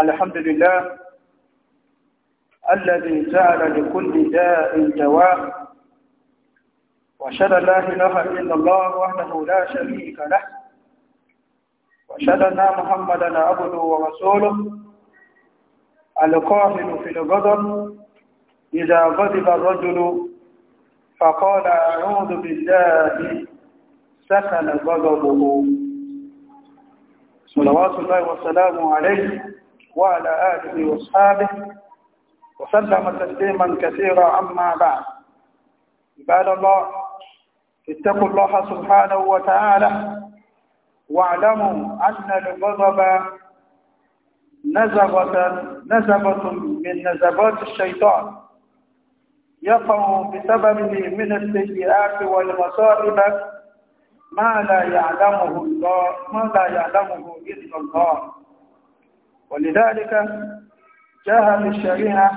الحمد لله الذي جعل لكل داء دواء واشهد ان لا اله الا الله وحده لا شريك له واشهد ان محمدا عبده ورسوله القاهر في الغضب اذا غضب الرجل فقال اعوذ بالله سكن غضبه صلوات الله وسلامه عليه وعلى آله وصحابه وسلم تسليما كثيرا عما بعد عباد الله اتقوا الله سبحانه وتعالى واعلموا أن الغضب نزغة نزغة من نزغات الشيطان يقع بسببه من السيئات والمصائب ما لا يعلمه الله ما لا يعلمه إلا الله ولذلك جاء في الشريعة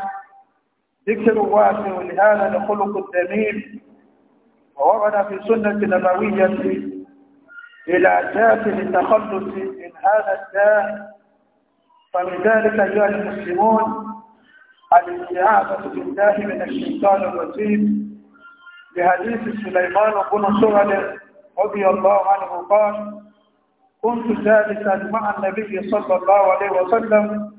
ذكر واسع لهذا الخلق الذميم وورد في سنة نبوية إلى جاف للتخلص من هذا الداء فمن ذلك المسلمون الاستعاذة بالله من الشيطان الرجيم بحديث سليمان بن سهل رضي الله عنه قال كنت جالسا مع النبي صلى الله عليه وسلم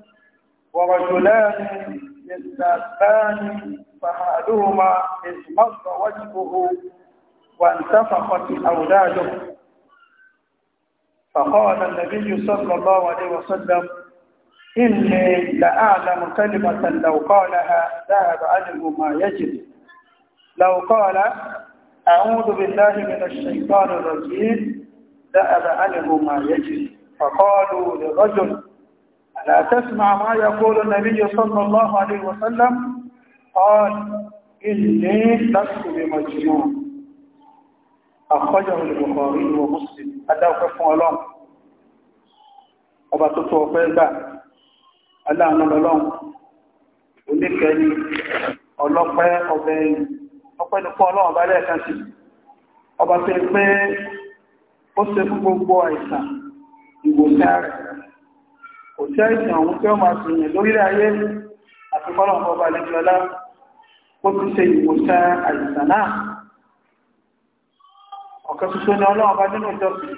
ورجلان يستاذان فأحدهما اسمر وجهه وانتفقت أولاده فقال النبي صلى الله عليه وسلم إني لأعلم كلمة لو قالها ذهب عنه ما يجب لو قال أعوذ بالله من الشيطان الرجيم ذهب عنه ما يجري فقالوا لرجل: ألا تسمع ما يقول النبي صلى الله عليه وسلم قال إني لست بمجنون أخرجه البخاري ومسلم أداه كفو الله ọba tó tó ọpẹ́ gbà aláàánú lọ́lọ́run oníkẹni ọlọ́pẹ́ ọbẹ̀ ọpẹ́ nípa ọlọ́run bá lẹ́ẹ̀kan sí ọba tó pé ó ṣe fún gbogbo àìsàn ìwòsàn rẹ̀ kò sí àìsàn òun tí ó máa fi yìn lórílẹ̀ ayé àti fọ́lọ̀mù ọba lẹ́jọ́lá ó ti ṣe ìwòsàn àìsàn náà ọ̀kẹ́ ṣoṣo ni ọlọ́run bá nínú ìjọsìn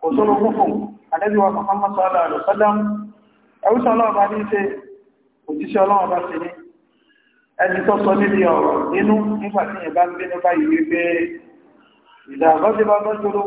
kò sóró fún fún àdẹ́bíwá Muhammad sallallahu alaihi wasallam ẹ̀rúsàn ọlọ́run bá ní ṣe òjíṣẹ́ ọlọ́run bá ṣe ní ẹni tó sọ níbi ọ̀rọ̀ nínú nígbà tí yẹn bá ń gbé nípa ìwé pé ìdàgbọ́sí bá gbọ́jọ́rọ́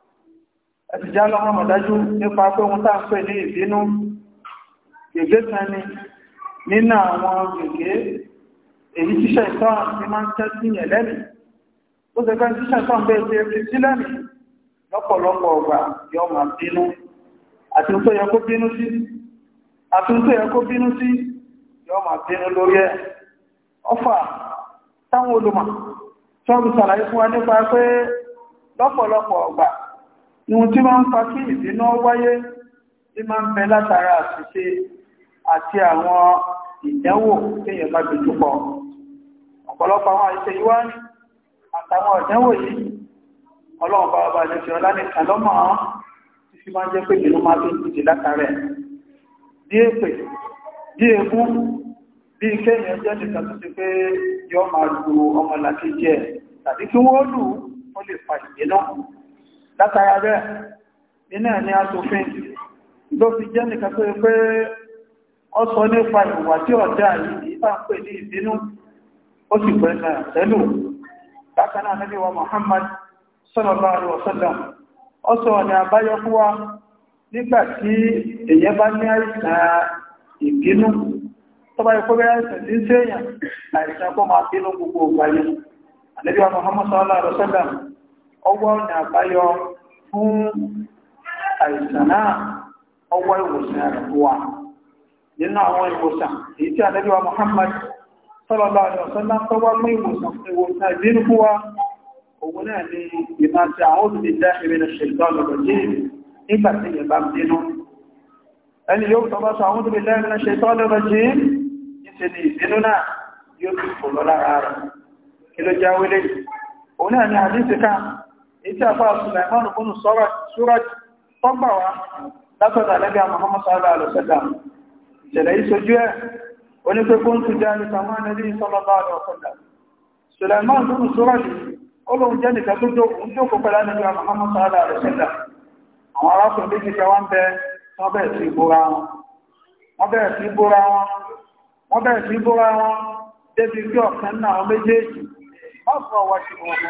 ẹ̀tìjá lọ́wọ́ mọ̀dájú nípa pé wọ́n tàà pẹ̀ ní ìbínú gègé tẹni nínú àwọn gègé èyí tíṣẹ́ ìtọ́n ti máa ń tẹ́ sí yẹ̀ lẹ́nì ó ṣe pẹ́ tíṣẹ́ ìtọ́n bẹ́ẹ̀ ti fi sí lẹ́nì lọ́pọ̀lọpọ̀ ọgbà yọ mà bínú àti tó yẹ kó bínú sí àti tó yẹ lórí ẹ̀ ọfà táwọn olùmọ̀ tí sàlàyé fún wa nípa pé lọ́pọ̀lọpọ̀ ọgbà ìwọ̀n tí máa ń fa kí ìdínà wáyé tí máa ń bẹ látara àṣìṣe àti àwọn ìdánwò téèyàn bá dojú kọ ọ̀pọ̀lọpọ̀ àwọn àṣìṣe yìí wá ní àtàwọn ìdánwò yìí ọlọ́run bá ọba jẹ́ fi ọlá nìkan lọ́mọ ọ́n tí fi máa jẹ́ pé ìlú máa fi ń dìde látara ẹ̀ bí èpè bí ègún bí kéèyàn jẹ́ nìkan tó ti pé yọ máa lu ọmọlàkejì ẹ̀ tàbí kí wọ́n lù wọ́n lè fa ìgbéná látara rẹ̀ iná ni aṣòfin ló fi jẹ́ nìkan pé pé ọ sọ nípa ìwà tí ọ̀dá yìí bá ń pè ní ìbínú ó sì pẹ̀ náà tẹ́lù wa Muhammad sallallahu alaihi wasallam ọ sọ ọ̀nà àbáyọ nígbà tí bá ní àìsàn ìbínú tó bá àìsàn tí ń ọwọ́ ọ̀nà àbáyọ fún àìsàn náà ọwọ́ ìwòsàn ẹ̀rọ wa nínú àwọn ìwòsàn èyí tí àdẹ́bíwa Muhammad sallallahu alaihi wasallam tó wá mú ìwòsàn ìwòsàn ìbínú fún wa òun náà ni ìmá ti àwọn olùdíjẹ́ ìrìnà ṣèjọ́ lọ́dọ̀ jí nígbà tí ìyẹ̀bá bínú ẹni yóò tọ́ bá sọ àwọn olùdíjẹ́ ìrìnà ṣèjọ́ lọ́dọ̀ jí ìṣẹ́ ni ìbínú náà yóò ti kò lọ rẹ̀ kí ló jáwélé òun náà ni àdíṣẹ́ kan ètí àpá Sùlẹ̀mọ́nù kúnnù Súrọ̀t tọ́gbà wá látọ̀dà lẹ́gbẹ̀ Muhammad sallallahu alaihi wasallam ìṣẹ̀lẹ̀ ìṣojú ẹ̀ onípẹ́kún tún jẹ́ ní sàmánàlì sallallahu alaihi wasallam Sùlẹ̀mọ́nù kúnnù Súrọ̀t Muhammad sallallahu alaihi wasallam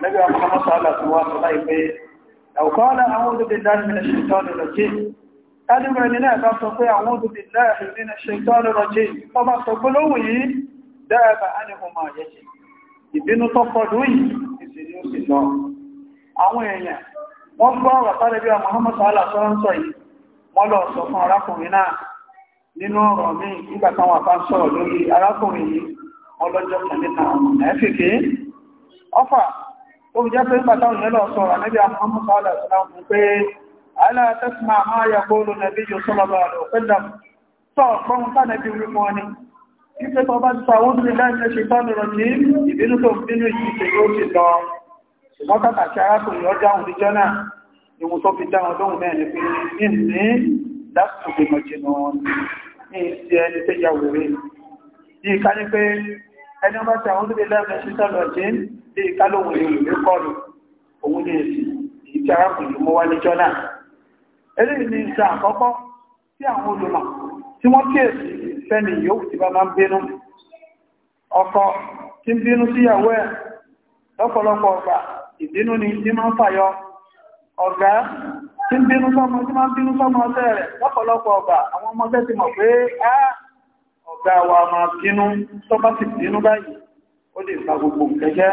النبي محمد صلى الله عليه وسلم لو قال أعوذ بالله من الشيطان الرجيم ẹni mẹ́rin náà bá sọ pé àwọn òdúbí lẹ́ẹ̀rin nínú na rọjí tó bá sọ yìí àwọn èèyàn wọ́n gbọ́ lọ sọ fún arákùnrin náà nínú ọ̀rọ̀ mi lórí arákùnrin yìí ó fi jẹ́ pé pàtàkì nílọ Muhammad sallallahu alaihi wasallam pé ala tasma' ma yaqulu nabiyyu sallallahu alaihi wasallam sọ ọ̀pọ̀n tánàbí wí mọ́ ni ìpé tó bá ti sàwọ́ sí láìsẹ̀ ṣe tọ́nù rọ̀ ní ìbínú tó bínú ìṣẹ́ yóò ti lọ ṣùgbọ́n kàkàkì arákùnrin ọjà òun níjọ́ náà ìwọ̀n tó fi dáwọn lóhùn náà ní pé ní láti gbìmọ̀ jìnà ní ìsì ẹni tó yà wèrè yìí ká ní bí kálóhùn yóò lè kọlù òun lè sì èyí tí arákùnrin mú wá níjọ́ náà eléyìí ni ìṣe àkọ́kọ́ tí àwọn olùmọ̀ tí wọ́n kíyèsí fẹ́ni yóò ti bá máa ń bínú ọkọ tí ń bínú síyàwó ẹ̀ lọ́pọ̀lọpọ̀ ọgbà ìbínú ni tí máa ń fàyọ ọ̀gá tí ń bínú sọ́mọ tí máa ń bínú sọ́mọ ọ̀sẹ̀ rẹ̀ lọ́pọ̀lọpọ̀ ọgbà àwọn ọmọdé ti mọ̀ pé á ọ̀gá wa máa bínú tó bá sì bínú báyìí ó lè fa gbogbo nǹkan jẹ́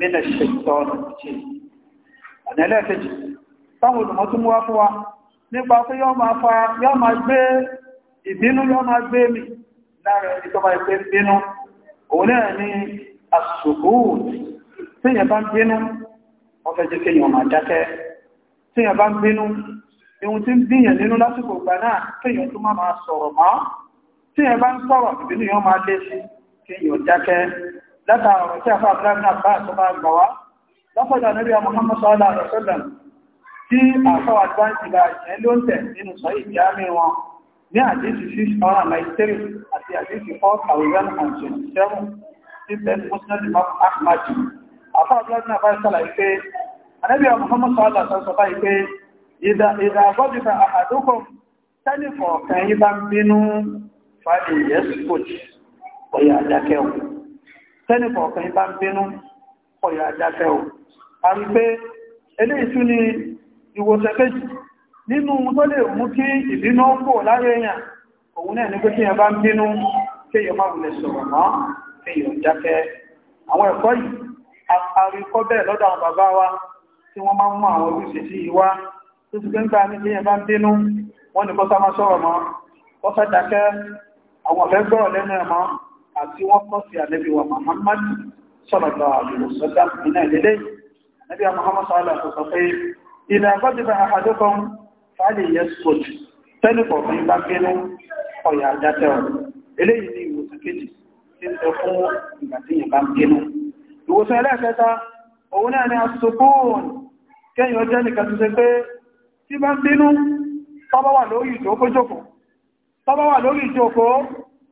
nínú ṣètọ́ ṣe ọ̀nà ẹlẹ́ẹ̀kejì táwọn olùmọ́ tún wá fún wa nípa pé yọ́ máa fa yọ́ máa gbé ìbínú yọ́ máa gbé mi lára ẹni tó bá ìgbé bínú òun náà ní àsùgbòòrò tí yẹn bá ń bínú ọfẹ́ jẹ́ kéèyàn máa dákẹ́ tí yẹn bá ń bínú ihun tí ń bíyàn nínú lásìkò ìgbà náà kéèyàn tó máa sọ̀rọ̀ mọ́ tí yẹn bá ń sọ̀rọ̀ ìbínú yọ́ máa lé sí kéèyàn dákẹ́ látara ọ̀rọ̀ tí a fà bílá ní àbá àtọ́ bá gbà wá lọ́pọ̀dà níbi a Muhammad sallallahu alaihi wasallam tí àfáwà advanti bá jẹ́ ló ń tẹ̀ nínú sọ́yí ìdí àmì wọn ní àdíṣì 693 àti àdíṣì 4027 tí bẹ́ẹ̀ Muslim Imam Ahmad àfáà bílá ní àbá sọ́lá ìpé anábì a Muhammad sallallahu alaihi wasallam ìpé ìdà àbọ́dìfà àdúkọ̀ tẹ́lifọ̀ kan yí bá ń bínú fàdí yẹ́sùkòtì ọ̀yà tẹ́nì kọ̀ọ̀kan bá ń bínú ọ̀yà àjáṣẹ́ o a rí pé eléyìí tún ni ìwòsàn kejì nínú tó lè mú kí ìbínú kò láyé èèyàn òun náà ní pé kí èèyàn bá ń bínú kí èèyàn má wulẹ̀ sọ̀rọ̀ mọ́ kí èèyàn jákẹ́ àwọn ẹ̀kọ́ yìí àríkọ́ bẹ́ẹ̀ lọ́dọ̀ àti wọ́n kọ́ sí ànábì wa Muhammad sallallahu alaihi wasallam iná ìdílé ànábì wa Muhammad sallallahu alaihi wasallam pé ìlà àgbàjọba àhàdókan fàálì yẹ sọ́jù tẹ́lifọ̀ fún ibà kéré ọ̀yà àdájọ́ eléyìí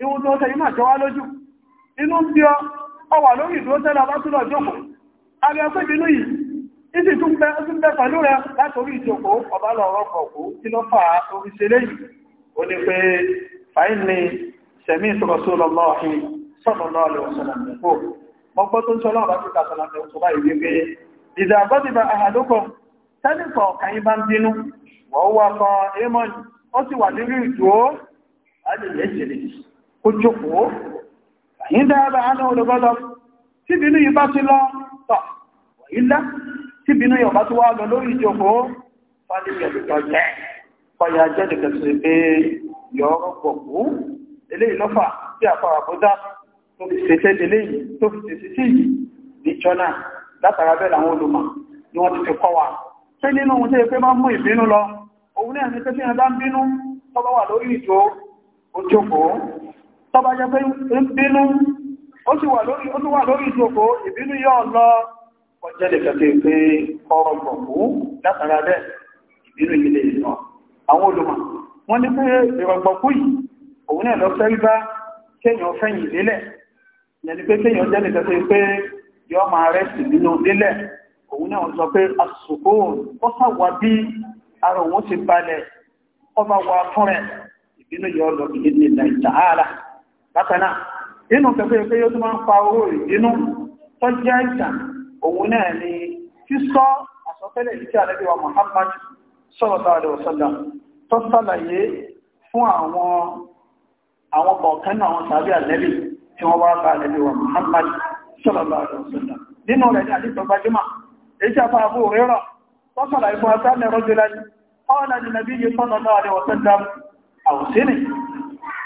ìwọ̀n tó tẹ̀yí máa jọ wá lójú inú ń bí ọ wà lórí ìdúró tẹ́lá bá túnlọ̀ jókòó abẹ́ pé bínú yìí ìsì tún bẹ ọdún bẹ pẹ̀lú rẹ látorí ìjókòó ọba lọ rọ́pọ̀ kú kí ló fà á orí ṣe lẹ́yìn ó ní pé fàáyìn ni sẹ̀mí ìṣòkòsó lọ́lọ́ ọ̀hìn sọ̀rọ̀ lọ́ọ̀lẹ̀ ọ̀sọ̀lá mẹ́kò mọ́gbọ́ tó ń sọ lọ́wọ́ bá ti tàṣọ̀lá mẹ́kò bá ìwé pé ìdá àgbọ́dìbà àhàdókò tẹ́lifọ̀ kàyín bá ń bínú wọ́n wá kan émọ́ni ó sì wà nínú ìdúró á lè lẹ́sẹ̀lẹ̀ kó jókòó àyín dáadáa ánà olùgbọ́lọ́ tíbinú yìí bá ti lọ tọ̀ ìlá tíbinú yìí ọ̀bá tó wá lọ lórí ìjókòó fọ́lẹ̀kẹ̀lẹ̀kẹ̀ jẹ́ kọjá jẹ́ lẹ̀kẹ̀sẹ̀ pé yọ̀ọ́rọ̀ pọ̀kú eléyìí lọ́fà tí tọba jẹ́ pé ń bínú ó sì wà lórí ìjòkó ìbínú yọ́ lọ ọjẹ́ lè kẹ́kẹ́ pé ọrọ̀ gbọ̀kú látara bẹ́ ìbínú ilé ìlọ àwọn olùmọ̀ wọ́n ní pé ìrọ̀gbọ̀kú yìí òun náà lọ fẹ́rí bá kéèyàn fẹ́yìn lélẹ̀ yẹni pé kéèyàn jẹ́ lè kẹ́kẹ́ pé yọ́ máa rẹ̀ sí nínú lélẹ̀ òun náà sọ pé àsùkò ó sàwà bí ara òun ti balẹ̀ ọba wa fún ìbínú yọ́ lọ ìdílé nàìjíríà bákaná inú kẹfẹ́ pé yóò tún máa ń pa owó ìdínú tó jẹ́ ìtàn òun náà ni sísọ àsọtẹ́lẹ̀ ìdí àlẹ́bí wa Muhammad sallallahu alaihi wasallam tó sàlàyé fún àwọn àwọn kọ̀ọ̀kan náà wọn sàbí àlẹ́bí tí wọ́n wá bá àlẹ́bí wa Muhammad sallallahu alaihi wasallam nínú rẹ̀ ní àdíjọ gbajúmọ̀ èyí àpá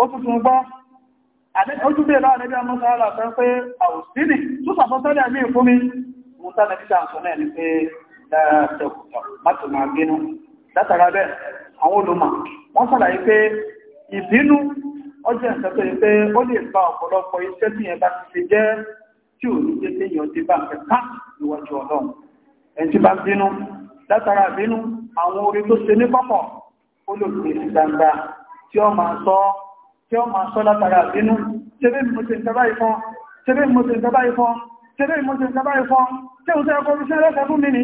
ó tuntun gbọ́ ojúbẹ̀ láwọn ẹgbẹ́ ọmọ fẹ́ pé tó sàfọ́sẹ́lẹ̀ fún mi mú sáré títà ń pé dáadọ́kùtọ̀ mátò máa látara bẹ́ẹ̀ àwọn olùmọ̀ wọ́n sàlàyé pé ìbínú ọjọ́ ìṣẹ́ tó ó lè fa ọ̀pọ̀lọpọ̀ iṣẹ́ tí bá ti jẹ́ tí ò ní jẹ́ tí ó máa sọ látara àbínú tẹ́lẹ̀ ìmọ̀sẹ̀ ìjọba ìfọn tẹ́lẹ̀ ìmọ̀sẹ̀ ìjọba ìfọn tẹ́lẹ̀ ìmọ̀sẹ̀ ìjọba ìfọn tẹ́ òṣèrè kọmíṣẹ́ lẹ́sẹ̀ fún mi ní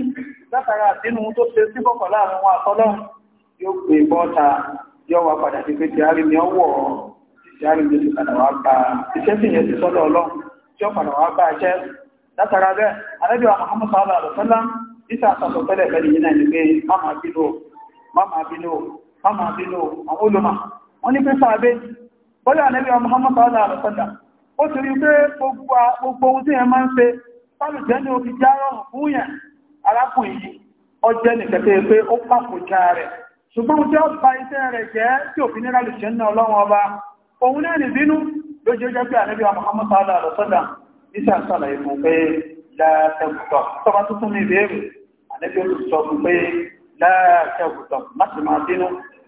látara àbínú tó ṣe sí bọ́kọ̀ láàrin wọn àtọ́lọ́run yóò pè bọ́ta yóò wà padà sí pé ti a a rí ní ti padà wá bá iṣẹ́ sì yẹn ti sọ́dọ̀ ọlọ́run tí ó padà wá bá iṣẹ́ Muhammad sallallahu alaihi wa sallam isa àtàtọ̀ tẹ́lẹ̀ fẹ́lẹ̀ yìí náà ni pé má máa bínú má máa bínú má máa bínú àwọn olùmọ̀ wọ́n ní kọ́lá ànẹ́bí ọmọ Muhammad sallallahu alaihi wasallam ó ti rí pé gbogbo ohun tí ẹ máa ń ṣe sáàlù jẹ́ ní omi já rọrùn fún yẹn arákùnrin yìí ó jẹ́ nìkẹ́kẹ́ pé ó pàkójá rẹ̀ ṣùgbọ́n tí ó ba iṣẹ́ rẹ̀ jẹ́ tí òfin ní rálù jẹ́ náà ọlọ́run ọba òun náà nìbínú ló jẹ́ jẹ́ pé ànẹ́bí ọmọ Muhammad sallallahu alaihi wasallam iṣẹ́ àṣàlàyé fún pé láàtẹ̀gùtọ̀ tọ́ba tuntun ní ìbéèrè ànẹ́bí olùsọ fún pé láàtẹ̀gùtọ̀ má sì máa bínú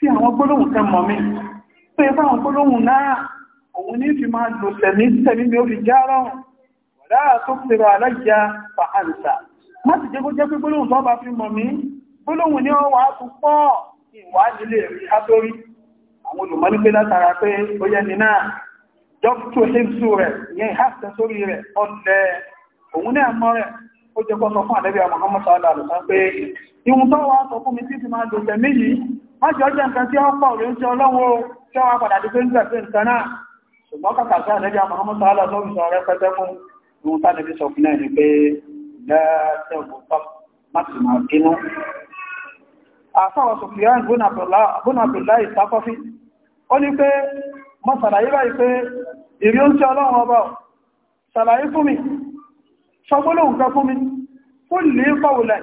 fi àwọn gbólóhùn tẹ mọ̀ mi tó yẹ fáwọn gbólóhùn náà òun ní fi máa lò tẹ̀mí tẹ̀mí mi ó fi já rọrùn wọ̀dá tó pèrò aláìyá fa àǹsà má sì jẹ́ kó jẹ́ pé gbólóhùn tó bá fi mọ̀ mí gbólóhùn ní ọwà tó pọ̀ ìwà nílé rí átórí àwọn olùmọ́ ní pé látara pé ó yẹ ni náà dókítà hibsu rẹ̀ ìyẹn ìhásẹ̀ sórí rẹ̀ ọ̀lẹ̀ òun náà mọ́ rẹ̀ ó jẹ́ kó sọ ìhun tó wá sọ fún mi tí ti máa lòtẹ̀ mí yìí wọ́n ti ọjọ́ nǹkan tí ó pọ̀ rí ń ṣe ọlọ́wọ́ tí ó wá padà di pé ń gbẹ̀ pé nǹkan náà ṣùgbọ́n kàkà sí àlẹ́jẹ́ àmọ́ sọ́ọ́lọ́ tó ń sọ rẹ pẹ́pẹ́ fún ìhun tánà bí sọ fún náà ni pé lẹ́ẹ̀tẹ̀gbọ́n má sì máa bínú àfáwọ̀ sọ̀fíàn bónàbùlá ìsákọ́fí ó ní pé mi fún lè kọ̀wùlẹ̀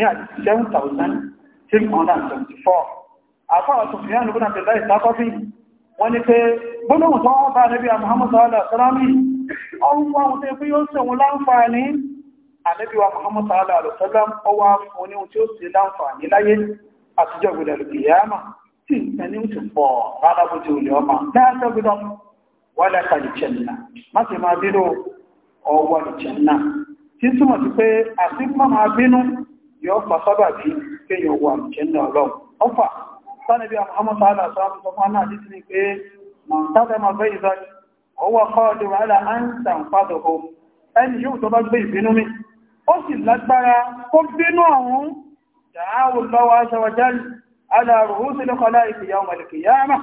ní àti 7,374 àfáà tó fi yánubú náà tẹ̀lá ìsákọ́fí wọ́n ní pé gbọ́nàmù tó wọ́n bá rẹ̀bí àmàhàmùsọ aláàsárámì ọwọ́ wọn tẹ́ pé yóò sẹ̀wọ̀n láǹfààní àlẹ́bíwà mọ̀hàmùsọ aláàlọ́sọ́lá ọwọ́ fún ní tí ó sì láǹfààní láyé àtijọ́ ìgbẹ̀lẹ̀ ìyáàmà tí ìsẹni ń tún pọ̀ rárá bó ti olè ọmọ dáadọ́ gbọ́dọ̀ wà lẹ́ka ìjẹ̀nà má sì máa bínú ọwọ́ ìjẹ̀nà tí túmọ̀ sí pé àti máa bínú yóò fà sábà bí kéèyàn wà jẹ́nà ọlọ́run ọfà sánibí àmọ́sá aláàsáàmù sọ fún aláàdí sí ni pé mọ̀tátẹ́ ma fẹ́ ìzájú ọwọ́ kọ́ọ̀dù wàhálà áńsà ń fàdọ̀ o ẹni yóò tó bá gbé ìbínú mi ó sì lágbára kó bínú ọ̀hún dàáwò lọ́wọ́ aṣọwọ́jálì aláàrùhú sí lọ́kọ́lá ìfìyà ọmọlẹ̀kìyàmà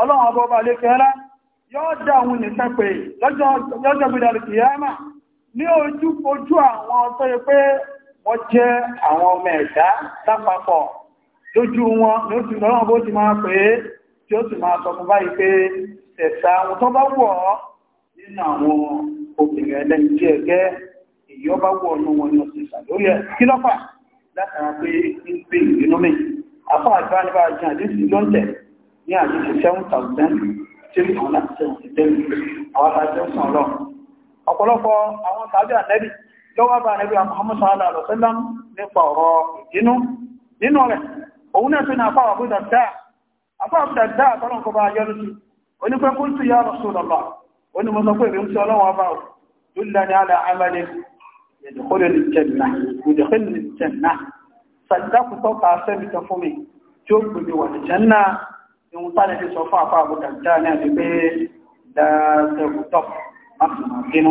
ọlọ́run ọba ọba lẹ́kẹ́ọ́lá yóò dá àwọn ojú àwọn ọ̀tọ́ yẹ pé wọ́n jẹ́ àwọn ọmọ ẹ̀dá lápapọ̀ lójú wọn ní ó ti lọ́wọ́ bó ti máa pé tí ó sì máa sọ fún báyìí pé ẹ̀sà àwọn tó bá wọ̀ ọ́ nínú àwọn obìnrin ẹlẹ́ni tí ẹ̀gẹ́ èyí ọ bá wọ̀ ọ̀nà wọn ni ọ̀sẹ̀ ìsàlórí ẹ̀ kí lọ́fà látara pé ń gbé ìgbénú mi afọ àjọ nípa àjọ àdéhùn ló ń tẹ̀ ní àdéhùn seven thousand three hundred and seventy three àwọn àjọ sàn àwọn tàbí tó wá bá nẹ́bí Muhammad sallallahu alaihi wasallam nípa ọ̀rọ̀ ìdínú nínú rẹ̀ òun náà tún náà fáwọn àbúdà dáa afáwọn àbúdà dáa tọ́lọ̀n kọba yọrù sí onípẹ́ kún sí ya Rasulullah onímọ̀sọ pé ìrìn sí ọlọ́wọ́ bá ò dúlẹ̀ ní alẹ́ amẹ́lẹ́ ìdíkọ́lẹ̀ jẹ̀nà sàdákù tọ́ka sẹ́mi tọ́ fún mi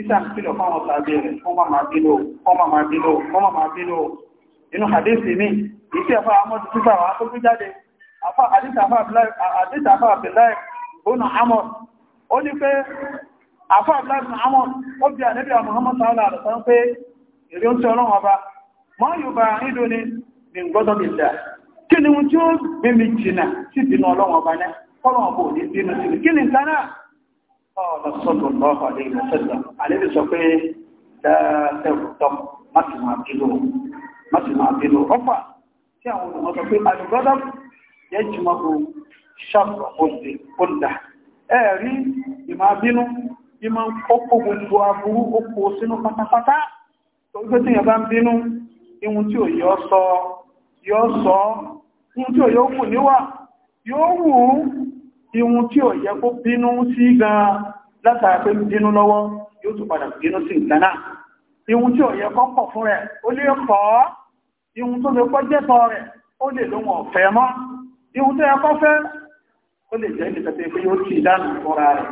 isa ń kílọ̀ fáwọn tàbí rẹ̀ kọ́ máa máa bínú kọ́ máa máa bínú kọ́ máa máa bínú inú hadisi mi iṣẹ́ afá amọ́dún títà wà tó fi jáde àdíta afá abdullahi bónú amọ́ ó ní pé afá abdullahi bónú amọ́ ó bí ànẹ́bí Muhammad sallallahu alaihi wasallam pé èrè ń tí ọlọ́run ọba mọ́ yóò bá ìdó ni mi ń gbọ́dọ̀ mi dà kí ni tí ó gbé mi jìnà sí ìdínà ọlọ́run ọba náà kọ́lọ̀ ọba ò ní bínú sí kí ni nǹkan ọ̀nà sọ́dọ̀ lọ́wọ́ àlẹ́ ìrẹsẹ̀lá àlẹ́bí sọ pé dáadẹ́rù tọ́ má sì máa bínú má sì máa bínú ọ̀pá tí àwọn olùmọ̀ sọ pé àdùgbọ́dọ̀ yẹ jùmọ̀ kó ṣàpọ̀ òde kódà ẹ rí ìmọ̀ bínú ìmọ̀ kókó gbogbo aburú ó kó sínú pátápátá torí pé tí yẹn bá ń bínú ihun tí ò yọ sọ yọ sọ ihun tí ò yọ kù níwà yóò wù ihun tí ò yẹ kó bínú sí gan látara pé bínú lọ́wọ́ yóò tún padà bínú sí nǹkan náà ihun tí ò yẹ kó kọ̀ fún rẹ̀ ó lè kọ́ ihun tó lè kọ́ jẹ́tọ̀ rẹ̀ ó lè lóhun ọ̀fẹ́ mọ́ ihun tó yẹ kó fẹ́ ó lè jẹ́ ìdíkàtẹ́ pé yóò ti dánù fúnra rẹ̀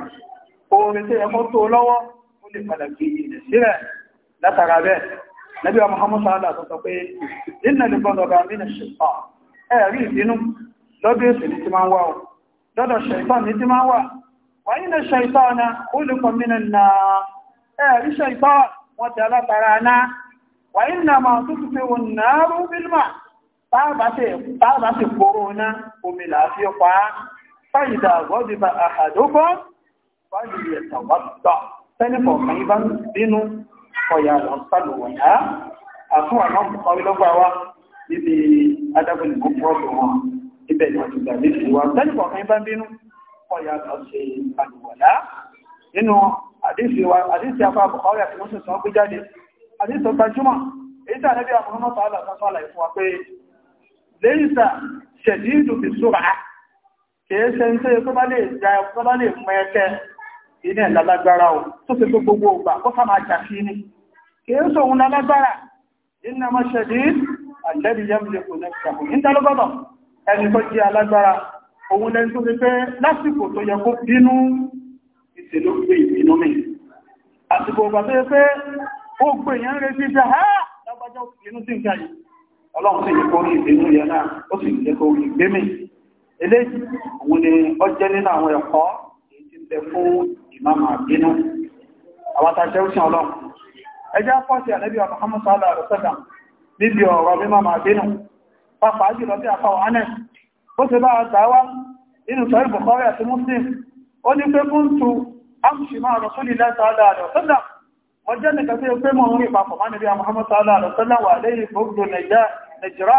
orin tó yẹ kó tó lọ́wọ́ ó lè padà gbé ìdè sílẹ̀ látara bẹ́ẹ̀ nàbí wa muhammadu sallallahu alaihi wa sallam pé nínú ìgbọ́dọ̀ bá mí nà ṣe pa ẹ̀rí ìbínú se èsì ní ti máa ń o lọ́dọ̀ ṣẹ̀tọ́ ní tí máa wà wà ní ṣẹ̀tọ́ ọ̀nà olùkọ̀mínà náà ẹ̀rí ṣẹ̀tọ́ wọ́n ti alátara náà wà ní nà máa tó fífẹ́ wọn náà rú bílmà tàbá ti kóró náà omi làáfíọ́ fáyìdà àgọ́dìbà síbẹ̀ ni wọ́n ti gbà léṣe wa tẹ́lifọ̀ kan bá ń bínú ọ̀yà lọ ṣe àlùwàlá nínú àdíṣẹ́ afá Bukhari àti wọ́n sì sọ pé jáde àdíṣẹ́ gbajúmọ̀ èyí tí àlẹ́bí àwọn ọmọ sọ́ọ́lá sọ́ọ́lá ìfún wa pé lẹ́yìnsà ṣẹ̀dí ìdùbì sóra kìí ṣe ń tẹ́ tó bá lè ja tó bá lè mọ ẹkẹ́ inú ẹ̀ o tó fi gbogbo ògbà kó sá máa jà sí kìí sóhun lálágbára inú ọmọ ṣẹ̀dí àjẹ́bí yẹ́mìlẹ́kùn lẹ́kùn ẹni tó jẹ́ alágbára òun lẹ́ni tó rí pé lásìkò tó yẹ kó bínú ìṣèlú gbé ìbínú mi àsìkò ọgbà tó yẹ pé ó gbé èèyàn retí pé ha lágbájọ́ ìbínú sí nǹkan yìí ọlọ́run sì yẹ kó rí ìbínú yẹn náà ó sì yẹ kó rí ìgbé mi eléyìí òun ni ó jẹ́ nínú àwọn ẹ̀kọ́ èyí ti bẹ fún ìmáàmà bínú àwọn àtàjẹ́ òṣìṣẹ́ ọlọ́run ẹjẹ́ pọ̀ sí àlẹ́bí ọmọ hamasa alárọ̀sẹ́dà níbi ọ̀rọ̀ mímọ̀ àbínú pàpàá jùlọ bí àpá wàhánẹ̀ ó ti bá àtàwà inú sọ ìbùkọ́rẹ̀ àti muslim ó ní pé kún tu amṣì máa rọ̀ sólì lẹ́sàádà rẹ̀ sọ́dà wọ́n jẹ́ nìkan tí Muhammad sọ́dà rẹ̀ sọ́dà wà lẹ́yìn gbogbo nàìjíríà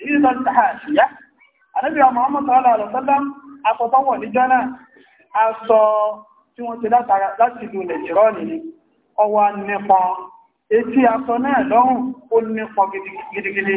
yìí lọ tàà ṣìyá Muhammad sọ́dà rẹ̀ sọ́dà akọ̀tọ́wọ̀ ní jọ́nà aṣọ tí wọ́n ti látara láti ìlú nàìjíríà nìyí ọwọ́ nípọn etí aṣọ náà lọ́rùn ó nípọn gidigidi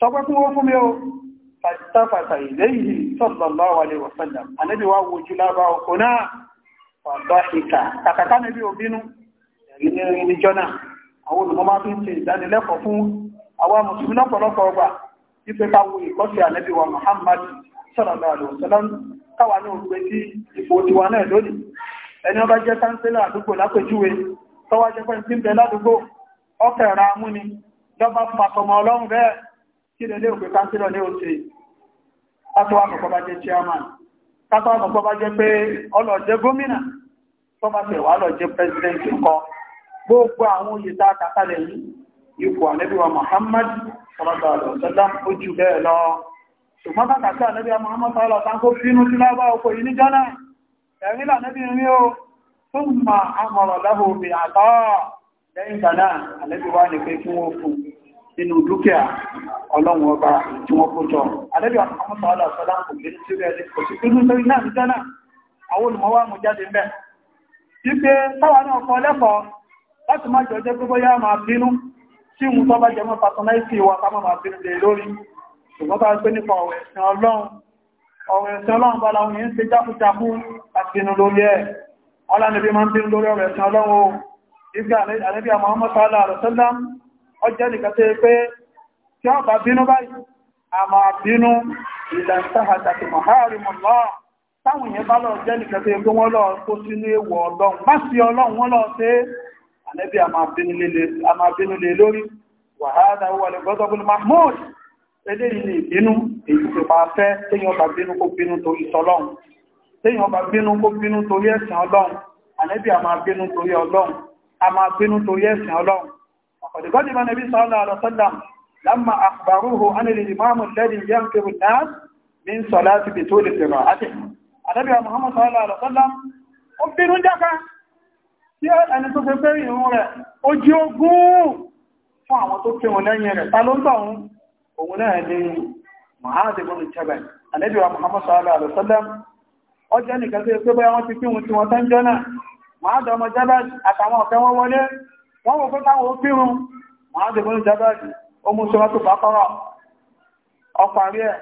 sọpẹ́ fún wọn fún mi o fàtàfàtà ìlẹ́yìí sallallahu alaihi wasallam anẹ́bí wá wojú lábá ọkọ̀ náà wàbá ìkà kàkàkà nẹ́bí òbínú ìrìnrìn ní jọ́nà àwọn olùmọ́ máa fi ń ṣe ìdánilẹ́kọ̀ọ́ fún àwọn mùsùlùmí lọ́pọ̀lọpọ̀ ọgbà wípé káwo ìkọ́sí ànẹ́bí wa Muhammad sallallahu alaihi wasallam káwa ní òun pé tí ipò tiwa náà lónìí ẹni kí lè lé òpè káńsílọ̀ ní òṣè kátọ́wà mọ̀kọ́ bá jẹ́ chairman kátọ́wà mọ̀kọ́ bá jẹ́ pé ọlọ́jẹ́ gómìnà tó bá tẹ̀wà lọ́jẹ́ president kọ gbogbo àwọn oyè tá a kàtàlẹ̀ yìí ipò ànẹ́bíwa Muhammad sallallahu alaihi wasallam ó jù bẹ́ẹ̀ lọ ṣùgbọ́n kàkàtà ànẹ́bíwa Muhammad sallallahu alaihi wasallam kó bínú sí lábá ọkọ̀ yìí ní jọ́nà ẹ̀rí lànẹ́bí rí ó tó ma àmọ̀rọ̀ láhòbì àtọ́ lẹ́yìn kanáà ànẹ́bíwa ní pé kí wọ́n fún inú dúkìá ọlọ́run ọba tí wọ́n kó jọ alẹ́bíà ọmọọmọ aláàfẹ́lá kò lè ní sílẹ̀ ní kò sí pínú sórí náà ní jọ́nà àwọn olùmọ́wà mú jáde ń bẹ̀ wípé táwa náà kọ lẹ́kọ̀ọ́ láti má jọjẹ́ pé bóyá máa bínú tí mú tọ́ bá jẹmọ́ patronaiti wa ká má máa bínú lè lórí ṣùgbọ́n bá gbé nípa ọ̀rọ̀ ẹ̀sìn ọlọ́run ọ̀rọ̀ ẹ̀sìn ọlọ́run bá láwọn yìí ń ṣe jákújákú láti lórí ẹ̀ ọlá máa ń bínú lórí ọ̀rọ̀ ẹ̀sìn ọlọ́run ìgbà àlẹ́bíà Muhammad sallallahu alaihi wasallam ọjẹ́ nìkan tẹ́ pé tí a bá bínú báyìí a máa bínú ìlànsáhàtàkì mọ̀hárìmọ̀lá táwọn èèyàn bá lọ jẹ́ nìkẹta ẹgbẹ́ wọn lọ tó sínú èwọ̀ ọlọ́run má sí ọlọ́run wọn lọ sí ànẹ́bí a máa bínú lé lórí wàhálà wà lè gbọ́dọ̀ bínú mahmoud eléyìí ni ìbínú èyí tó máa fẹ́ téèyàn bá bínú kó bínú torí sọlọ́run téèyàn bá bínú kó bínú torí ẹ̀sìn ọlọ́run ànẹ́bí a máa bínú torí ọlọ́run àkọ̀dẹ̀gọ́dẹ̀ bá nẹbí sọ́ọ́lá ọ̀rọ̀ sọ́dà لما أخبروه أن الإمام الذي ينكر الناس من صلاة بطول قراءته النبي محمد صلى الله عليه وسلم أبدل جاكا tí ẹni tó fẹ́ bẹ́rẹ̀ ìrún rẹ̀ ó jí ogún fún àwọn tó kí wọn lẹ́yìn rẹ̀ ta ló ń tọ̀hún òun náà ni Mu'adh ibn Jabal Ànábì wa Muhammad sallallahu alaihi wasallam ọjọ́ nìkan tó yẹ pé bóyá wọ́n ti kírun tí wọ́n tán jọ́nà Mu'adh ọmọ Jabal àtàwọn ọ̀fẹ́ wọn wọlé wọ́n wò pé káwọn ó kírun Mu'adh ibn Jabal ọmú sọ́rọ́tù bákọ́rọ̀ ọparí ẹ̀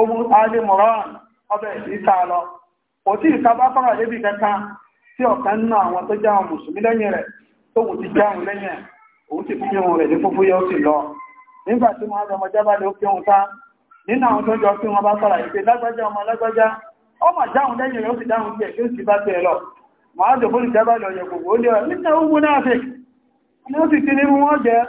ọmú alẹ́ mọ̀rán ọbẹ̀ ìta lọ kò tí ìta bákọ́rọ̀ débi kẹta tí ọ̀kan nínú àwọn tó jáwọn mùsùlùmí lẹ́yìn rẹ̀ tó wù ti jáwọn lẹ́yìn òun ti fi rẹ̀ ní fúfú tí wọ́n jọ bá sọ̀rọ̀ ìpè lágbájá ọmọ lágbájá jáwọn lẹ́yìn rẹ̀ ó dáhùn sí ẹ̀ tí lọ màá dòbó gbogbo ó lé ọ nígbà ó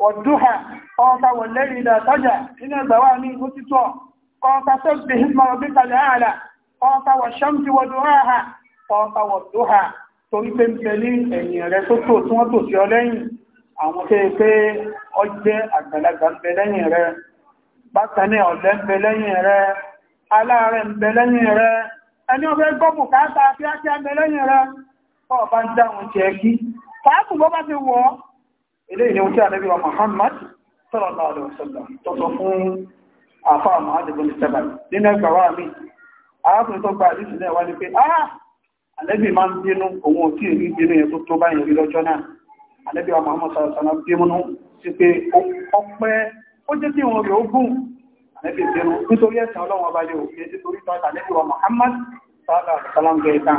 wọ̀dúhà ọ̀ọ̀ta wọ̀lẹ́rì ìdàtọ́jà nínú ẹgbàwà ní ìmútítọ́ ọ̀ọ̀ta tó gbé hìmọ̀rọ̀ bí kalẹ̀ ààrà ọ̀ọ̀ta wọ̀ ṣọ́mtí wọ̀dúhà ọ̀ọ̀ta wọ̀dúhà torí pé ń bẹ ní ẹ̀yìn rẹ̀ tó tò tí wọ́n tò sí ọ lẹ́yìn àwọn tó pé ọ jẹ́ àgbàlagbà ń bẹ lẹ́yìn rẹ̀ bákan ní ọ̀lẹ ń bẹ lẹ́yìn rẹ̀ aláàárẹ̀ ń eléyìí ni wọ́n tí Muhammad sallallahu alaihi wasallam tó sọ fún àfáà mọ́hàdìbọn ìsẹ́bà nínú ẹgbàwà mi arákùnrin tó gba àdìsí náà wá ní pé ah àlẹ́bì máa ń bínú òun òtí èrí bínú yẹn tó tó báyìí rí lọ́jọ́ náà àlẹ́bì wa Muhammad sallallahu alaihi wasallam bínú sí pé ọpẹ́ ó jẹ́ kí wọn rẹ̀ ó gùn àlẹ́bì bínú nítorí ẹ̀sìn ọlọ́run ọba lè òkè nítorí tọ́ta àlẹ́bì wa Muhammad sallallahu alaihi wasallam gẹ̀ ìtàn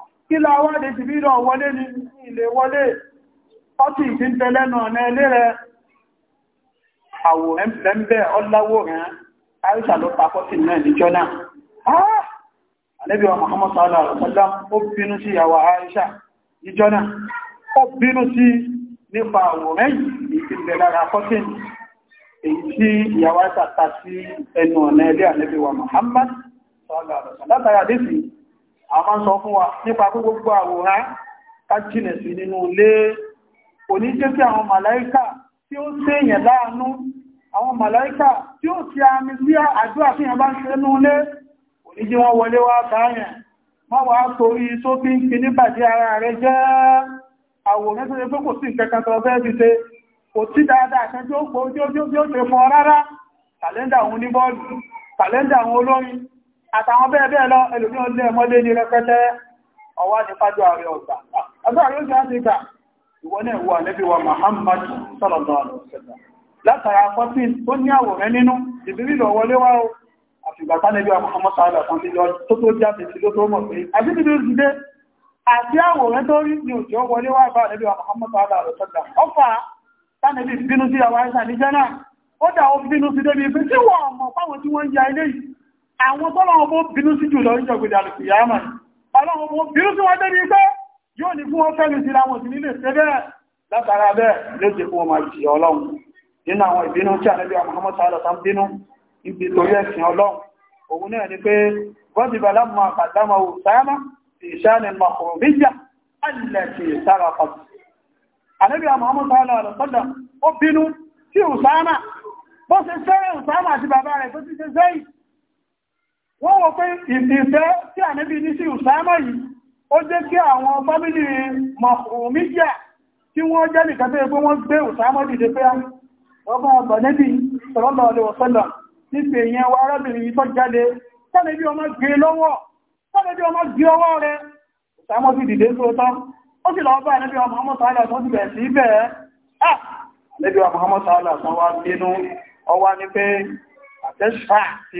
kí láwádé ti bí lọ wọlé ní ilé wọlé ọtí ìfí ń tẹ́lẹ́nà ọ̀nà ilé rẹ̀ àwòrán bẹ́ẹ̀ ọláwò rẹ̀ àríṣà ló pa fọ́tí náà níjọ́ náà alẹ́bíwa Muhammad sallallahu alaihi wasallam ó bínú sí ìyàwó àríṣà níjọ́ náà ó bínú sí nípa àwòrán ìfìnbẹ̀ lára fọ́tí èyí tí ìyàwó àríṣà ta àmá sọ fún wa nípa pé gbogbo àwòrán kájínẹ̀ sí nínú ilé òní jẹ́ kí àwọn màláíkà tí ó ṣe èèyàn láàánú àwọn màláíkà tí ó ti àmì sí àjọ àfihàn bá ń ṣe nínú ilé òní jẹ́ wọ́n wọlé wá báyàn má wà á torí tó fi ń fi níbàdí ara rẹ̀ jẹ́ àwòrán tó àtàwọn bẹ́ẹ̀ bẹ́ẹ̀ lọ ẹlòmí ọdún ẹmọdé ní rẹpẹtẹ ọwá ní fájọ ààrẹ ọgbà ọjọ́ ààrẹ oṣù áfíríkà ìwọ náà wà lẹ́bí wa Muhammad sallallahu alaihi wasallam látara fọ́tí tó ní àwòrán nínú ìbírí lọ wọlé wá o àfìgbà tánẹ́bí wa Muhammad sallallahu alaihi wasallam tó tó jáde sí ló tó mọ̀ pé àbíbírí ti dé àti àwòrán àwọn tọ́lọ́wọ́ bó bínú sí jùlọ ní jọgbìdà àlùkìyàmà ọlọ́wọ́ bó bínú sí wọ́n débi pé yóò ní fún wọn fẹ́ lùsí láwọn òsì nílé ṣe bẹ́ẹ̀ látara bẹ́ẹ̀ lóòjẹ́ fún ọmọ ìṣẹ́ ọlọ́run nínú àwọn ìbínú tí àrẹ́bí Muhammad sálọ́ta ń bínú níbi torí ẹ̀sìn ọlọ́run òun náà ni pé gọ́dì balamma kàdámà ṣe sẹ́rẹ̀ òsáàmà àti bàbá rẹ̀ tó ti ṣe sẹ́yìn wọ́n wọ́n pé ìfìfẹ́ tí ànábì ní sí ìsámọ́ yìí ó jẹ́ kí àwọn fámílì mọ̀kùnmíjà tí wọ́n jẹ́ nìkan tó yẹ pé wọ́n gbé ìsámọ́ dìde pé ọgbọ́n ọgbọ̀nẹ́bì sọ̀rọ̀lọ̀ ọdẹ wọ̀sọ́lọ̀ nípa èèyàn wa arábìnrin yìí tó jáde sánẹ́bí ọmọ gbé lọ́wọ́ sánẹ́bí ọmọ gbé ọwọ́ rẹ̀ ìsámọ́ sì dìde sóòtọ́ ó sì lọ bá ẹnẹ́bí ọmọ ọmọ sàálà tó sì bẹ̀ sí bẹ́ẹ̀ ah ẹnẹ́bí ọmọ ọmọ sàálà tó wá bínú ọwá ní pé àtẹ́sà ti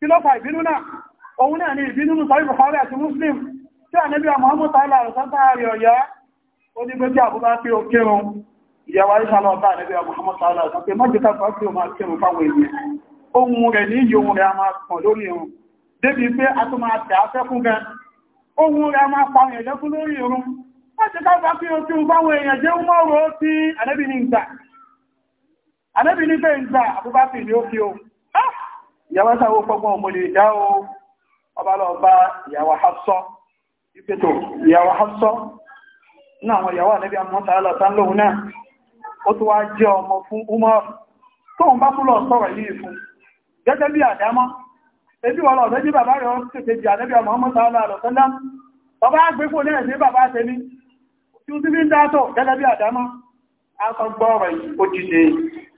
kí ló fa ìbínú náà ni ìbínú ní sọ́rí Bukhari àti Muslim tí a níbi àmọ́mọ́ tààlà àrùsántà àrí ọ̀yá ó ní gbé tí àbúbá pé ó kírun ìyàwó àìsàlọ̀ ọ̀bá níbi tààlà ohun ní ohun a máa kàn ìyàwó sáwó fọ́gbọ́n mo lè dá o ọba lọ bá ìyàwó Hafsọ ìpètò ìyàwó Hafsọ ní àwọn ìyàwó ànẹ́bí àmọ́sàálà sánlóhun náà ó tó wá jẹ́ ọmọ fún Umar tóun bá fúlọ̀ sọ̀rọ̀ yìí fún gẹ́gẹ́ bí àdámọ́ ebi wọ́n lọ lọ́jí bàbá rẹ̀ ọ́n kèkèjì ànẹ́bí àmọ́sàálà àlọ́sánlá bàbá agbéfò náà sí bàbá tẹ́lí tí ó ti fi ń dátọ̀ gẹ́gẹ́ bí àdámọ́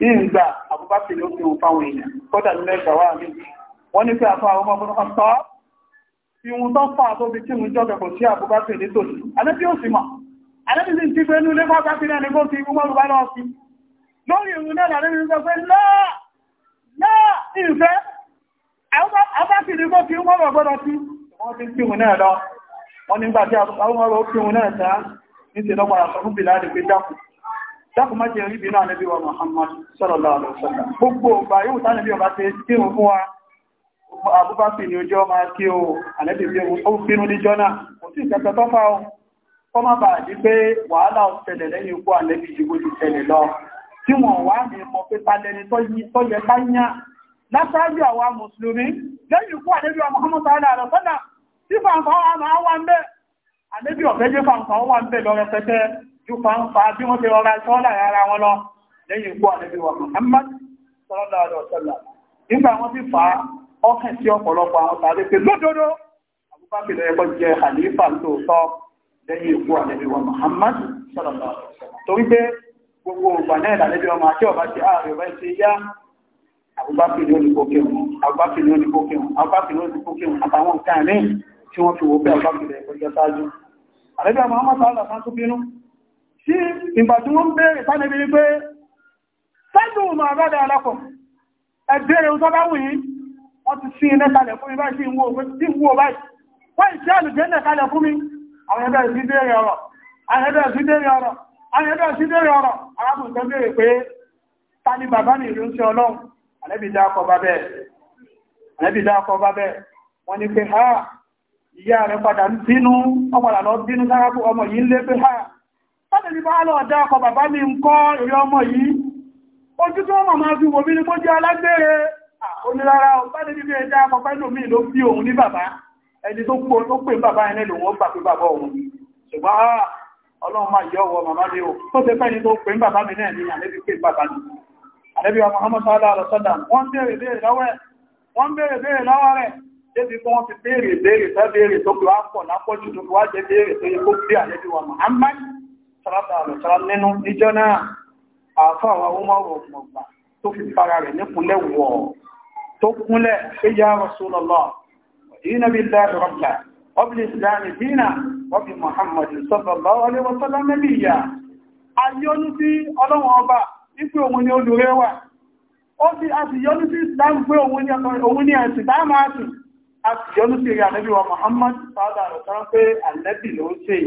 ní ìgbà àbúbákì ló fi òun fáwọn èèyàn kọ́dà ní mẹ́gbà wà ní wọ́n ní pé àfá àwọn ọmọ ọ̀tọ́ ìwọ̀n tó fà tó bí kírun jọ́ kẹ̀kọ̀ sí àbúbákì ní tòsí alẹ́bí ó sì mọ̀ alẹ́bí sì ti pé nílé fọ́ káfí náà ní kó fi gbogbo olùbá lọ sí lórí ìrù náà làrẹ́ mi sọ pé náà náà ìfẹ́ àbúbákì ní kó fi wọ́n rọ̀ gbọ́dọ̀ sí wọ́n ti kírun náà lọ wọ́n nígbà dákùn má jẹ́ rí bí náà nẹ́bí wa Muhammad sallallahu alaihi wasallam gbogbo ọba yóò tá nẹ́bí ọba tẹ́ kí o fún wa abúbáfì ni ojú ọmọ kí o ànẹ́bí bí o fínú ní jọ́nà kò sí ìjẹta tó fà ó kọ́ má bàá di pé wàhálà ọ̀tẹ̀lẹ̀ lẹ́yìn ikú ànẹ́bí ìdìbò ti tẹ̀lẹ̀ lọ tí wọ́n wá ní mọ̀ pé palẹ́ni tó yẹ ká yá látàrí àwa mùsùlùmí lẹ́yìn ikú ànẹ́bí wa Muhammad jùpa ń fa bí wọ́n ti rọra sọ́lá ara wọn lọ lẹ́yìn ikú àdẹ́bí Muhammad sallallahu alaihi nígbà wọn ti fa ọkàn sí ọ̀pọ̀lọpọ̀ àwọn tàbí lódodo Abubakar ẹ̀kọ́ jẹ àlífà lóòótọ́ lẹ́yìn ikú àdẹ́bí Muhammad sallallahu alaihi tí ìgbà tí wọ́n bèèrè sánàbí pé sẹ́lù ma rádà alákọ̀ ẹgbẹ̀rẹ̀ ọjọ́ bá wọ́n ti sí iná kalẹ̀ fún ibá sí ìwò báyìí wọ́n ni ha ìyá rẹ̀ padà ń bínú ọmọ ìlànà ha tọ́lẹ̀ ní bá lọ́ọ̀dá ọkọ̀ bàbá mi ń kọ́ èrè ọmọ yìí ojú tí mọ̀ máa fi wò mí ní kó jẹ́ alágbére onílára ọ̀pẹ́lẹ̀ ní bí ẹjá ọkọ̀ pẹ́lú mi ló tó kí wá pọ̀ lápọ̀jù tó wá jẹ béèrè tó yẹ kó bí àlébí wa Muhammad sọ́lọ́tàlọ́sọ́lá nínú níjọ́ náà àfọ́ àwọn ọmọrò mọ̀gbà to fi fara re nípúnlẹ̀ wọ̀ tó kúnlẹ̀ pé yá Rasulullah ìdínà bí dáadọ̀ rọ̀bà ọbí ìsìlámi dínà ọbí Muhammad sallallahu alaihi wa sallam nabiyya ni Islam ni wa Muhammad sallallahu alaihi wa sallam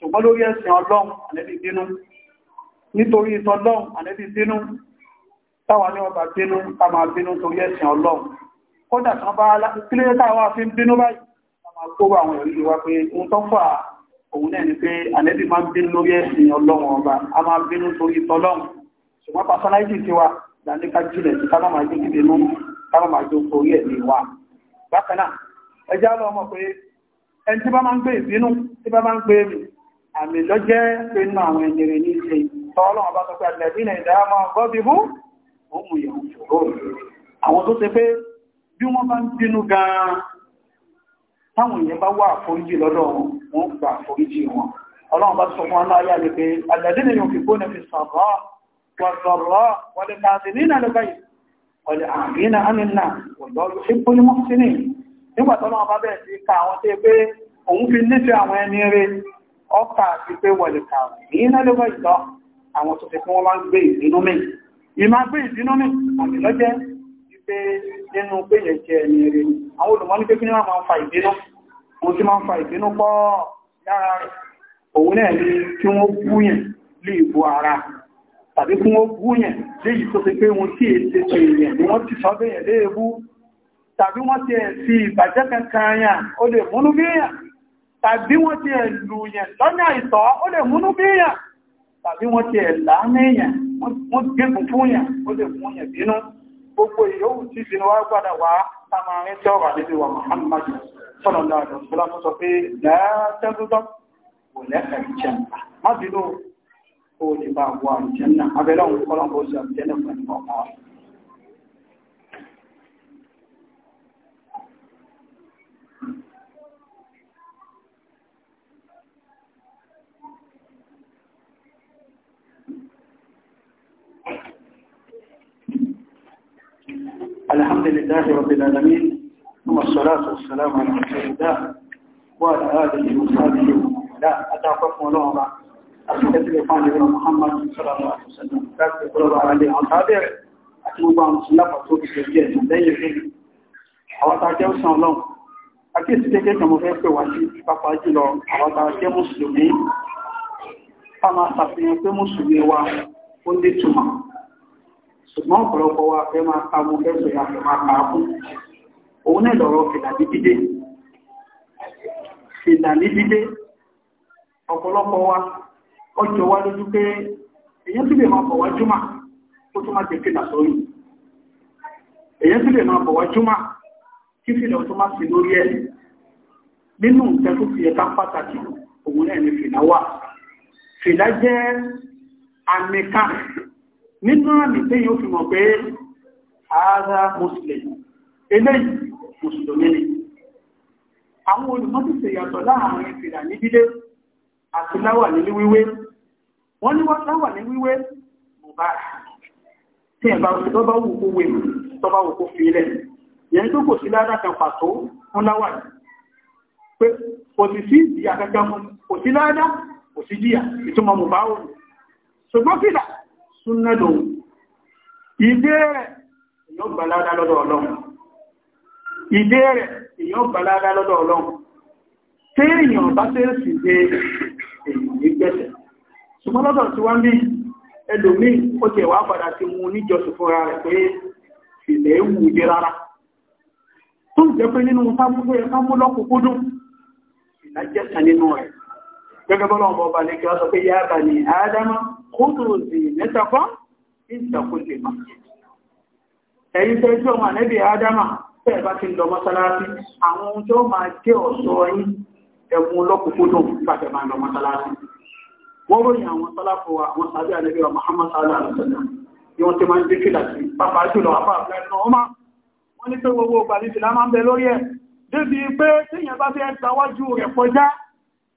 ṣùgbọ́n lórí ẹ̀sìn ọlọ́run ànẹ́bí bínú nítorí ìtọ́lọ́run ànẹ́bí bínú táwa ní ọba bínú ká máa bínú torí ẹ̀sìn ọlọ́run kódà kan bá kílé táwa fi ń bínú báyìí ká máa kó àwọn ẹ̀rí wa pé ohun tó fà òun náà ni pé ànẹ́bí máa ń bínú lórí ẹ̀sìn ọlọ́run ọba a máa wa dání ká jùlẹ̀ sí ká má máa jókè bínú ẹjá lọ mọ̀ pé ẹni tí bá máa ń gbé ìbínú tí bá máa ń gbé àmì ló jẹ́ pé nínú àwọn ènìyàn ní ilé tọ́ọ̀lọ́wọ́ bá sọ pé àtẹ̀lẹ́bìnà ìdáyàmọ́ gọ́bìbú òun ìyàwó ṣòro àwọn tó ṣe pé bí wọ́n bá ń bínú gan-an táwọn èèyàn bá wà àforíjì lọ́dọ̀ wọn gba àforíjì wọn ọlọ́run bá sọ fún aláyà lè pé àtẹ̀lẹ́bìnà yóò fi gbóná fi sọ̀rọ̀ wọ̀sọ̀rọ̀ wọlé láti nínà lọ́gbàyì wọlé àmìnà àmìnà wọ̀lọ́ yóò fi gbóná mọ́ sí ní nígbà tọ́lọ́run bá bẹ̀rẹ̀ sí ka àwọn tẹ́ pé òun fi nífẹ̀ẹ́ àwọn ẹni rẹ̀ ọkà àti pé wọlé kààrù èyí ìtọ́ àwọn tó fi wọ́n máa gbé ìdínú mi ìmá gbé ìdínú mi àmì lọ́jẹ́ wípé nínú jẹ ẹni fa ìdínú òun náà ni kí wọ́n lè bu ara tàbí kí wọ́n tó fi pé tí èsì ni wọ́n ti sọ bẹ́yẹn léèbú tàbí wọ́n ti ẹ̀ sí ìbàjẹ́ tàbí wọ́n ti ẹ̀lù yẹn lọ́nà ìtọ́ ó lè múnú bí yàn tàbí wọ́n ti ẹ̀lá mẹ́yàn wọ́n gbégùn fún yàn ó lè mú yàn bínú gbogbo ìyóhù tí ìsinú wá gbádà wá tamarin tí ọ̀rọ̀ níbi wa Muhammad sallallahu alaihi wasallam sọ pé dáátẹ́gbọ́dọ́ kò lẹ́fẹ̀ẹ́ ìjẹ̀mbà má bínú ó lè bá wọ àìjẹ́ náà abẹ́lẹ́ الحمد لله رب العالمين والصلاة والسلام على رسول الله وعلى آله وصحبه لا أتعقفوا لهم أسكت لفان لبن محمد صلى الله عليه وسلم كانت يقول عليه عن تابع أتنوبة مسلمة وطوبة الجيل لا يفين حواتا جاو سان لهم أكيد تكي كمفيف كواسي بابا جلو حواتا جاو مسلمين أما سافين كمسلمين وندي تمام ṣùgbọ́n ọ̀pọ̀lọpọ̀ wa fẹ́ máa ka mú lẹ́sẹ̀ àfẹ́ máa kàá fún òun náà lọ́rọ̀ fìlà dídídé fìlà dídídé ọ̀pọ̀lọpọ̀ wa ọjọ́ wa lójú pé èyàn tí lè máa bọ̀ wá júmà ó tún máa jẹ fìlà sórí èyàn tí lè máa bọ̀ wá júmà kí fìlà ó tún máa sí lórí ẹ̀ nínú nǹkan tó fi ẹ̀ka pàtàkì òun náà ni fìlà wà fìlà jẹ́ àmì kan nínú àmì tí yóò fi mọ̀ pé ara muslim eléyìí mùsùlùmí ni àwọn olùmọ́síṣẹ́ yàtọ̀ láàrin ìfìdà ní bídé àti láwà ní wíwé wọ́n ní láwà ní wíwé mubah tí ẹ̀bá tọ́bá wù kó wé tọ́bá wù kó fi ilẹ̀ yẹn tó kò sí lára kan pàtó fún láwà pé kò sì sí ìdí àgagá mú kò sí lára kò sí díà ìtumọ̀ mubah òun ṣùgbọ́n fìlà súnná lò ìdé rẹ̀ èyàn lọ́dọ̀ ọlọ́run tí èyàn bá tẹ́ sì dé èyàn ní gbẹ̀sẹ̀ ṣùgbọ́n lọ́dọ̀ tí wá bí ẹlòmí ó tẹ̀ wá padà ti mú níjọsùn fúnra rẹ̀ pé ìlẹ̀ wù dé rárá tó jẹ́ pé nínú tábúgbé ẹ̀ká ìlàjẹ́ta nínú rẹ̀ gẹ́gẹ́ bọ́lá ọmọ ọba lè kí wọ́n sọ pé yáàbà ní àádámá kúrò sí mẹ́tàkọ́ ìtàkùnlé ma ẹ̀yìn tẹ́ tí ọmọ ànẹ́bì àádámà tẹ́ bá ti lọ mọ́sálásí àwọn ohun tí ó máa jẹ́ ọ̀ṣọ́ yín ẹ̀mú lọ́kùnkúndùn pàtẹ́ máa lọ mọ́sálásí wọ́n ròyìn àwọn sálàfò àwọn sàbí ànẹ́bì wa Muhammad sallallahu alaihi wasallam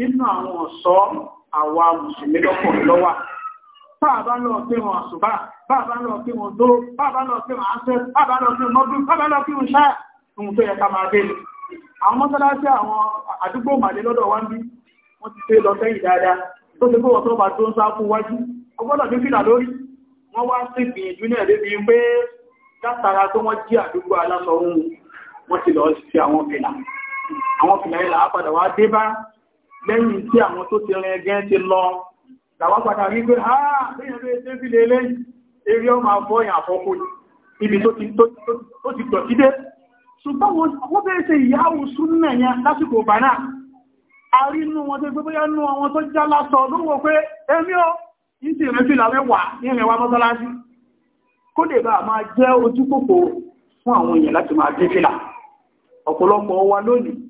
nínú àwọn ọ̀ṣọ́ àwa mùsùlùmí lọ́pọ̀ lọ́wà bàbá lọ pé wọn àṣùbà bàbá lọ pé wọn dó bàbá lọ pé wọn àṣẹ bàbá lọ pé wọn mọ́dún bàbá lọ pé wọn ṣáà ohun tó yẹ ká máa bẹ́ẹ̀ àwọn mọ́sálásí àwọn àdúgbò màlẹ́ lọ́dọ̀ wá ń bí wọ́n ti fẹ́ lọ sẹ́yìn dáadáa tó ti gbọ́wọ́ tó bá tó ń sáfún wájú ọgbọ́dọ̀ ní fìlà lórí wọ́n wá sí gbìyànjú náà débi pé látara tó wọ́n jí àdúgbò aláṣọ ohun wọ́n ti lọ sí àwọn fìlà àwọn fìlà ilà àpàdà wá dé bá lẹ́yìn tí àwọn tó ti rìn ẹgẹ́ ti lọ làwápàdà rí pé ha lẹ́yìn rẹ̀ tẹ́ fi lè lẹ́yìn eré ọmọ afọ́yìn àfọ́kù ibi tó ti tọ̀ sídé ṣùgbọ́n wọ́n bẹ̀rẹ̀ ṣe ìyáwó súnnà yẹn lásìkò bàná àrínú wọn tó gbé bóyá nú àwọn tó já lásọ lówó pé ẹmí ọ ìsì rẹ̀ fi làwẹ́ wà ní ìrẹ̀wà mọ́sálásí kó lè bá máa jẹ́ ojú kòkòrò fún àwọn èèyàn láti máa dé fìlà ọ̀pọ̀lọpọ̀ wa lónìí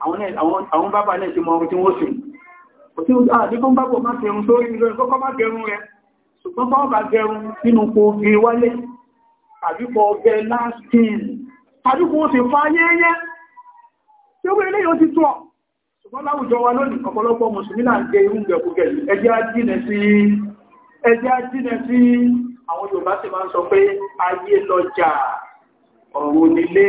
àwọn bábà náà ti mọ ohun tí wọ́n sì kò tí àdíkún ah, bábò má gẹrun tó rí rẹ̀ kọ́kọ́ má gẹrun rẹ̀ ṣùgbọ́n bá bá gẹrun nínú kò gbé wálé àbíkọ ọgbẹ́ lásìkìn àdíkù ó sì fa yẹ́yẹ́ tí ó wẹ́lẹ́ yóò ti tọ́ ṣùgbọ́n láwùjọ wa lónìí ọ̀pọ̀lọpọ̀ mùsùlùmí náà jẹ irú gẹ̀kúgẹ̀ ẹjẹ́ ajínẹ̀ sí àwọn Yorùbá sì máa ń sọ pé ayé lọ́jà ọ̀run nílé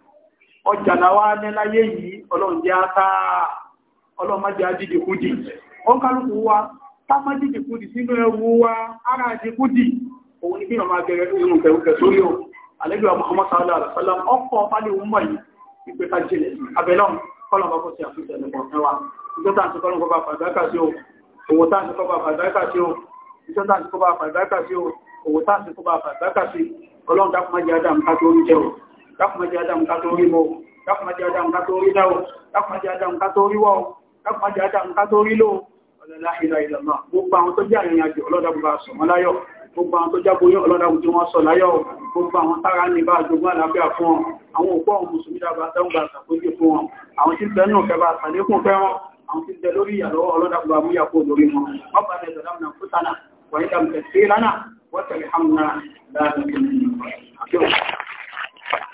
ọjà làwá ní láyé yìí ọlọ́run jẹ́ àtàà ọlọ́run má o àdìdìkúdì ó ń kálùkù wa tá má dìdìkúdì sínú ẹwu wa ara àdìkúdì òun ni kíyàn máa gẹ̀rẹ̀ nínú kẹ̀kẹ̀ sórí o àlejò Muhammad sallallahu alaihi wasallam ọkọ̀ fálẹ̀ òun mọ̀ yìí ìpè ká jìnlẹ̀ abẹ́lọ́n kọ́lọ̀ bá kọ́ sí àfihàn ẹ̀lẹ́kọ̀ọ́ fẹ́wà ìjọ́ tá à ń sọ́kọ́ lọ́kọ́ bá fàdákà sí o òwò tá à ń sọ́kọ́ bá fàdákà sí o ìjọ́ tá à ń sọ́kọ́ bá fàdákà sí o òwò tá à ń sọ́kọ́ bá fàdákà sí ọlọ́run dákùnmájì adam ká tó ń jẹ́ o dákùnmájá dáhùn ká tó rí mọ́ dákùnmájá dáhùn ká tó rí dáwọ̀ dákùnmájá dáhùn ká tó rí wọ́ dákùnmájá dáhùn ká tó rí lò ọ̀lẹ́lá ìlà ìlànà gbogbo àwọn tó jẹ́ àrìn àjò ọlọ́dàbùbà sọ̀mọ́ láyọ̀ gbogbo àwọn tó jágbóyún ọlọ́dàwùn tí wọ́n sọ láyọ̀ gbogbo àwọn tára ní bá àjogún àlàáfíà fún wọn àwọn òpó àwọn mùsùlùmí dàbà dáúgbà àtàkójì fún wọn àwọn tí tẹ́nù kẹba àtàlékún fẹ́ wọn